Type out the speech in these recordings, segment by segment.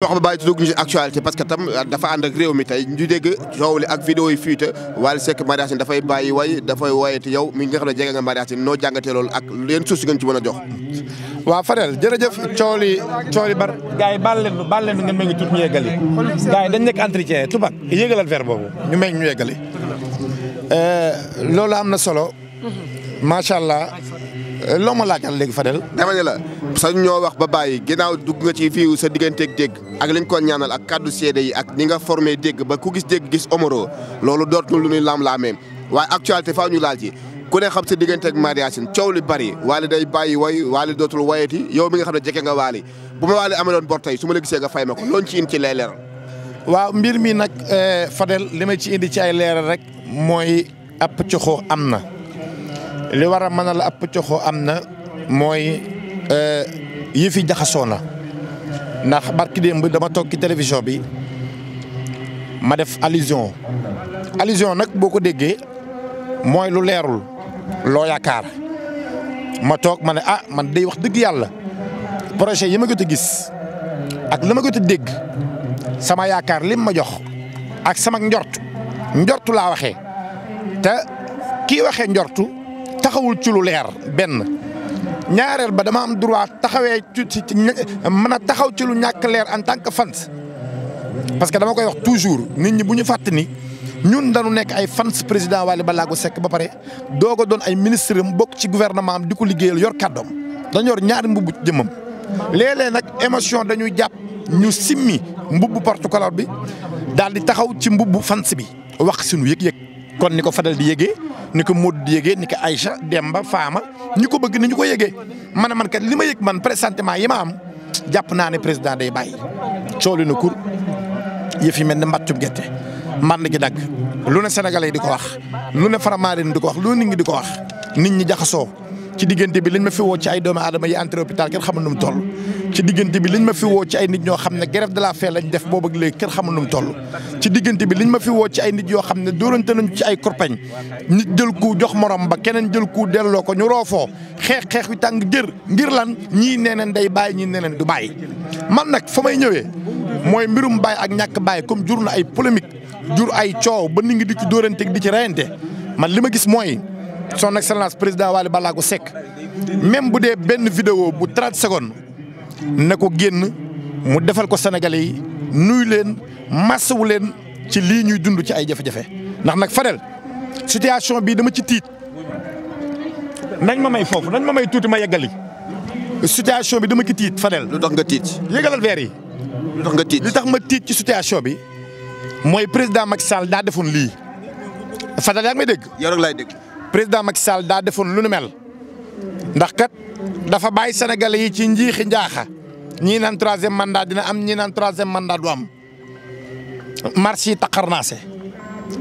ñoo xam ne bàyyi tuddaguñu actualité parce que tam euh, dafa ànd ak réew mi tey ñu dégg coow li ak vidéo yi fuite Wally Seck mariage ni dafay bàyyi way dafay woyati yow mi nga xam ne jege nga mariage ni noo jàngatee loolu ak leen suuf si ngeen ci mën a jox waaw Fadel jërëjëf coow li coow li bar gars yi baal leen baal leen ngeen may ngi tuut ñu yeggali gars yi dañ nekk entretien tubaab boobu ñu may ñu yeggali euh, loolu am na solo mhm. macha allah Euh, loo ma laajal léegi Fadel. dama ne la sax ñoo wax ba bàyyi ginnaaw dugg nga ci fiiw sa digganteeg dégg ak liñ ko ñaanal ak kàddu seede yi ak ni nga formé dégg ba ku gis dégg gis omoro loolu dootul lu muy ñuy lamlaamee waaye actualité faaw ñu laal ci ku ne xam sa digganteeg mariage coow li bari waale day bàyyi way waale dootul wayati yow mi nga xam ne jege nga waale bu ma waale amee doon bor tey su ma la gisee nga fay ma ko loolu ci lay leeral. waaw mbir mi nag euh, Fadel li ma ci indi ci ay leeral rek mooy ab coxoo am na. li war a la ab coxo am na mooy euh, yëf yi jaxasoo na ndax barki démb dama toog ci télévision bi ma def allusion allusion nag boo ko déggee mooy lu leerul loo yaakaar ma toog ma ne ah man day wax dëgg yàlla projet yi ma gët a gis ak li ma gët a dégg sama yaakaar lim ma jox ak sama njort njortu laa waxee te kii waxee njortu taxawul ci lu leer benn ñaareel ba dama am droit taxawee ci mën a taxaw ci lu ñàkk leer en tant que fans parce que dama koy wax toujours nit ñi bu ñu fàtt ni ñun dañu nekk ay fans président Wally Ballago Seck ba pare doog a doon ay ministre am bokk ci gouvernement am di ko liggéeyal yor kàddoom dañu ñaari mbubb jëmmam léeg nag émotion dañuy jàpp ñu simmi mbubb porte bi daal di taxaw ci mbubbu fans bi wax suñu yëg-yëg kon ni ko Fadel di yëgee ni ko Modou di yëgee ni ko Aïcha Demba Faama ñi ko bëgg ni ñu ko yëgee man man kat li ma yëg man présentement yi ma am jàpp naa ne président day bàyyi. coolu na kur yëf yi mel ne mbàccum gerte mànd gi dagg lu ne sénégalais di ko wax lu ne faramaareen di ko wax lu nit ñi di ko wax nit ñi jaxasoo ci diggante bi liñ ma fi woo ci ay doomu aadama yi entré hôpital kenn xamul nu mu toll. ci diggante bi liñ ma fi woo ci ay nit ñoo xam ne grève de la faim lañ def boobu ak léegi kër xamul nu mu ci diggante bi liñ ma fi woo ci ay nit yoo xam ne doorante nañ ci ay kurpañ nit jël ku jox morom ba keneen jël ku delloo ko ñu roofoo xeex xeex wi tàng jër ngir lan ñii neneen day bàyyi ñii neneen du bàyyi man nag fa may ñëwee mooy mbirum bàyyi ak ñàkk bàyyi comme jur na ay polémique jur ay coow ba nu ngi di ci dóorante di ci reyante man li ma gis mooy son excellence président Waly Ballago Seck même bu dee benn vidéo bu 30 secondes na ko génn mu defal ko sénégalais nuyu leen massawu leen ci lii ñuy dund ci ay jafe-jafe ndax nag Fadel situation bii dama ci tiit nañ ma may foofu nañ ma may tuuti ma yeggali situation bi dama ci tiit Fadel. lu tax nga tiit. yëgalal weer yi. lu tax nga tiit ma tiit ci situation bi mooy président Macky daa defoon lii Fadel yaa ngi may dégg. yow laay dégg. président Macky Sall daa defoon lu nu mel. ndax kat dafa bàyyi sénégalais yi ci njiixi njaaxa ñii naan troisième mandat dina am ñii naan troisième mandat du am marche yi taqarnaase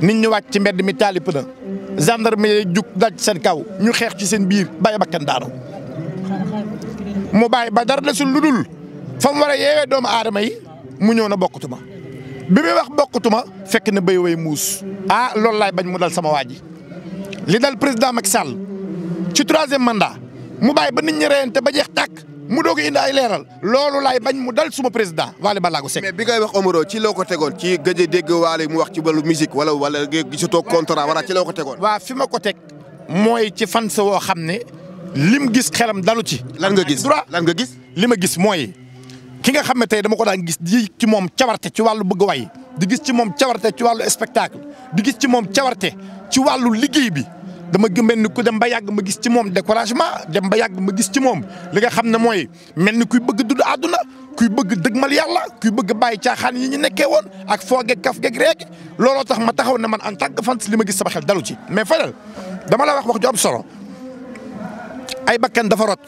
nit ñu wàcc ci mbedd mi taalip na gendarme yi jug daj seen kaw ñu xeex ci seen biir bàyyi bakkan daanu mu bàyyi ba dara desul lu dul fa mu war a yeewee doomu aadama yi mu ñëw na bokkutuma bi muy wax bokkutuma fekk na béy woy muus ah loolu laay bañ mu dal sama waa ji li dal président Macky Sall ci troisième mandat mu bàyyi ba nit ñi reyante ba jeex tàkk mu doog indi ay leeral loolu laay bañ mu dal suma président Waly Ballago Seck. mais bi ngay wax Omaro ci loo ko tegoon ci gaje a dégg Waly mu wax ci wàllu musique wala wala gisatoo contrat wala ci loo ko tegoon. waaw fi ma ko teg mooy ci fan se woo xam ne lim gis xelam dalu ci. lan nga gis lan nga gis. li ma gis mooy ki nga xam ne tey dama ko daan gis di ci moom cawarte ci wàllu bëgg way di gis ci moom cawarte ci wàllu spectacle di gis ci moom cawarte ci wàllu liggéey bi. dama mel ni ku dem ba yàgg ma gis ci moom découragement dem ba yàgg ma gis ci moom li nga xam ne mooy mel ni kuy bëgg du àdduna kuy bëgg dëgmal yàlla kuy bëgg bàyyi caaxaan yi ñu nekkee woon ak foogeeg kaf geeg reeg looloo tax ma taxaw ne man en tant que fan li ma gis sama xel dalu ci. mais Fadel dama la wax wax ju solo ay bakkan dafa rot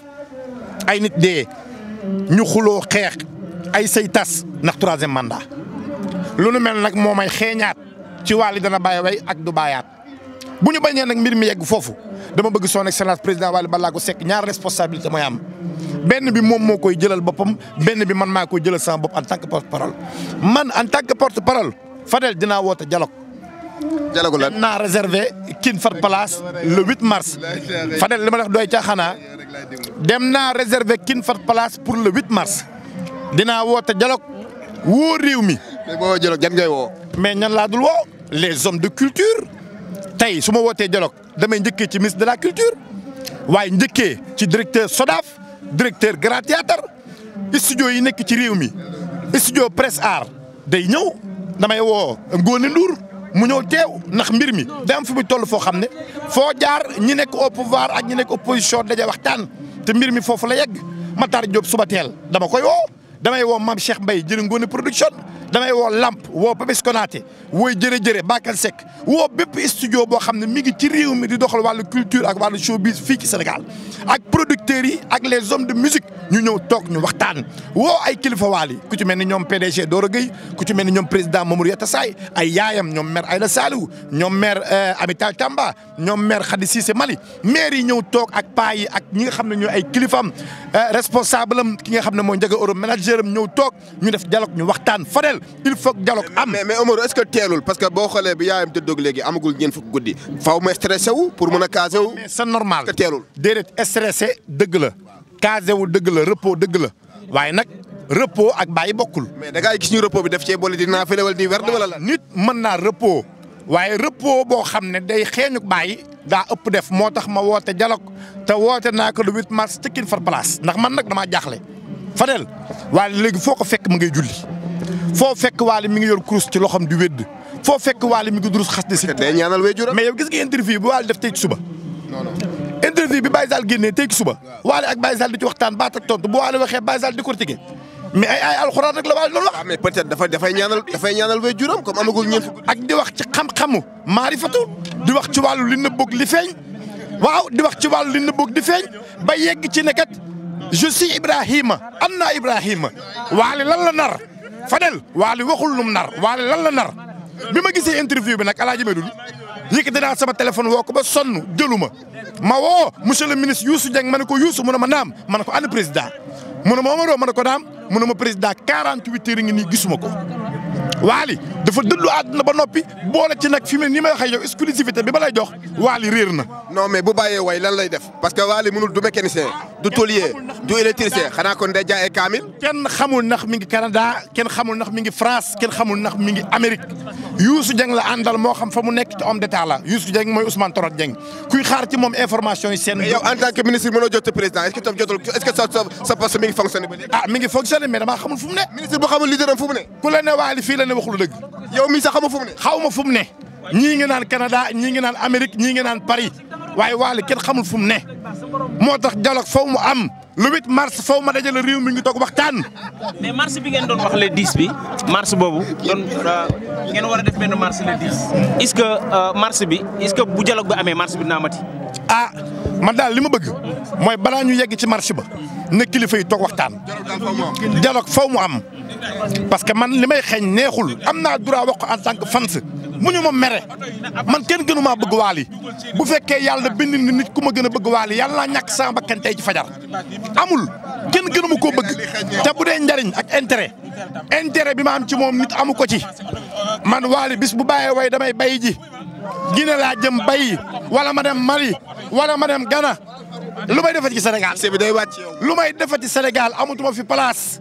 ay nit dee ñu xuloo xeex ay say tas ndax troisième mandat lu nu mel nag moo may xeeñaat ci wàll dana bàyyi way ak du bàyyaat. bu ñu bañee nag mbir mi yegg foofu dama bëgg son excellence président Wally Ballago Seck ñaar responsabilité mooy am benn bi moom moo koy jëlal boppam benn bi man maa koy jëlal sama bopp en tant que porte parole man en tan que porte parole Fadel dinaa woote dialogue. dialogue lan naa réservé King Fahd Palace le huit mars. Fadel li ma la wax doy ca dem naa réservé King Fahd Palace pour le 8 mars dinaa woote dialogue woo réew mi. mais boo woo dialogue woo. mais ñan laa dul woo les hommes de culture. tey su ma wootee dialogue damay njëkkee ci ministre de la culture waaye njëkkee ci directeur SODAV directeur Grand Théâtre studio yi nekk ci réew mi studio presse art day ñëw damay woo Ngone Ndour mu ñëw teew ndax mbir mi day fu mu toll foo xam ne foo jaar ñi nekk au pouvoir ak ñi nekk opposition daja waxtaan te mbir mi foofu la yegg Matar Diop suba teel dama koy woo damay woo Mame Cheikh mbay jëri Ngone production damay woo Lamp woo Papis Konaté wooy jëre jëre Bakal sek woo bépp studio boo xam ne mi ngi ci réew mi di doxal wàllu culture ak wàllu showbiz fii ci Sénégal ak producteurs yi ak les hommes de musique ñu ñëw toog ñu waxtaan woo ay kilifa waal yi ku ci mel ni ñoom PDG Doro Gueye ku ci mel ni ñoom président Mamour Yatta Saay ay yaayam ñoom maire Aïda Saliou ñoom maire euh, Amital Tamba ñoom maire Khady Cissé Mali maire yi ñëw toog ak paa yi ak ñi xam ne ñooy ay kilifam euh, responsable ki nga xam ne mooy njaga euro manager am ñëw toog ñu def dialogue ñu waxtaan Fadel Sénégal il faut dialogue am. mais mais Omar est-ce que teelul parce que boo xoolee bi yaayam tëddoog léegi amagul ñeent fukk guddi. faaw ma stressé wu pour mu a casé wu. mais c'est normal est-ce que dëgg la. casé wu dëgg la repos dëgg la waaye nag rëppo ak baay bokkul. mais da ngay gis ñu repos bi def cee boole di naafile wala di werd wala la. nit man naa repos waaye rëppo boo xam ne day xeeñu baay daa ëpp def moo tax ma woote dialogue te woote naa ko le 8 mars ci King Fahd ndax man nag damaa jaaxle Fadel waaye léegi foo fekk mu ngay julli. foo fekk waale mi ngi yor kurus ci loxam di fekk waale mi ngi durus xas de si day ñaanal waajuram mais yow gis nga interview bi waale def tey ci suba interview bi Baye Sall génnee tey ci suba waale ak Baye Sall di ci waxtaan baat ak tontu bu waale waxee Baye Sall di critiquer mais ay ay alxuraan rek la waale loolu wax ah, mais peut-être dafa dafay ñaanal dafay ñaanal waajuram comme amagul ñeent ak di wax ci xam-xamu maarifatu di wax ci wàllu li nëbboog li feeñ waaw di wax ci wàllu li nëbboog di feeñ ba yegg ci ne kat je suis Ibrahima am naa Ibrahima waale lan la nar Fadel Waly waxul lum nar waale lan la nar bi ma gisee interview bi nag alaaji Medoune yëkkati naa sama téléphone woo ko ba sonn jëlu ma ma woo monsieur le ministre Youssou Dieng ma ne ko Youssou mu ne ma naam man a ko ànd président mu ne ma Omaro ma ne ko naam mun ne ma président 48 heures ngi nii gisuma ko. waali dafa dëddu àdduna ba noppi boole ci nag fi mu ne nii may waxee yow exclusivité bi ba lay jox waali réer na. non mais bu bàyyee way lan lay def. parce que waali mënul du mécanicien du tôlier du électricien xanaa kon day jaay ay kaamil. kenn xamul ndax mi ngi Canada kenn xamul ndax mi ngi France kenn xamul nax mi ngi Amérique. Youssou Dieng la àndal moo xam fa mu nekk ci homme d'état la Youssou mooy Ousmane Torot Dieng kuy xaar moom information yi seen. en tant que ministre mënoo jot président est-ce que tam jotul est mi ngi fonctionné ba léegi. Ah, xamul fu ne. ministre boo xamul leader am fu ne. ku la ne waali fii la ne waxul dëgg. yow mii sax xamul fu ne. xaw ngi naan Canada ñii ngi naan Amérique ñii ngi naan Paris waaye waali kenn xamul fu ne moo tax dialogue faw mu am le 8 ma ngeen war a def benn marche le 10. est-ce que euh, marche bi est-ce bu dialogue bi amee marche bi dinaa mati. ah man daal li ma bëgg mooy balaa ñu yegg ci marche ba na kilifa yi toog waxtaan. dialogue faw mu am parce que man li may xeeñ neexul am naa duraa wax ko en tant que fans mu ñu ma mere man kenn gënu maa bëgg waali bu fekkee yàlla bind na nit ku ma gën a bëgg waali yàlla naa ñàkk sama bakkan tey ci fajar amul. kenn gënu ma koo bëgg te bu dee njariñ ak intérêt intérêt bi ma am ci moom nit amu ko ci man waali bis bu bàyyee way damay bay ji Guinée laa jëm bay wala ma dem Mali wala ma dem Ghana lu may defati ci Sénégal bi day wàcc lu may defati ci Sénégal amatuma fi place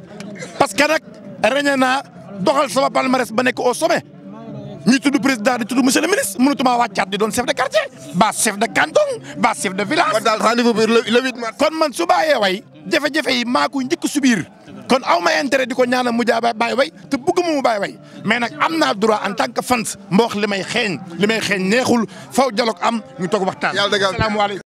parce que nag reñe naa doxal sama palmarès ba nekk au sommet ñu tudd président di tudd monsieur le ministre mënatuma wàccaat di doon chef de quartier ba chef de canton ba chef de village. kon man su bàyyee way jafe-jafe yi maa ko njëkk subir kon aw ma intérêt di ko ñaanal mu jaaba bàyyi way te bëgguma mu bàyyi way mais nag am naa droit en tant que fans mboox li may xeeñ li may xeeñ neexul faw dialogue am ñu toog waxtaan. yàlla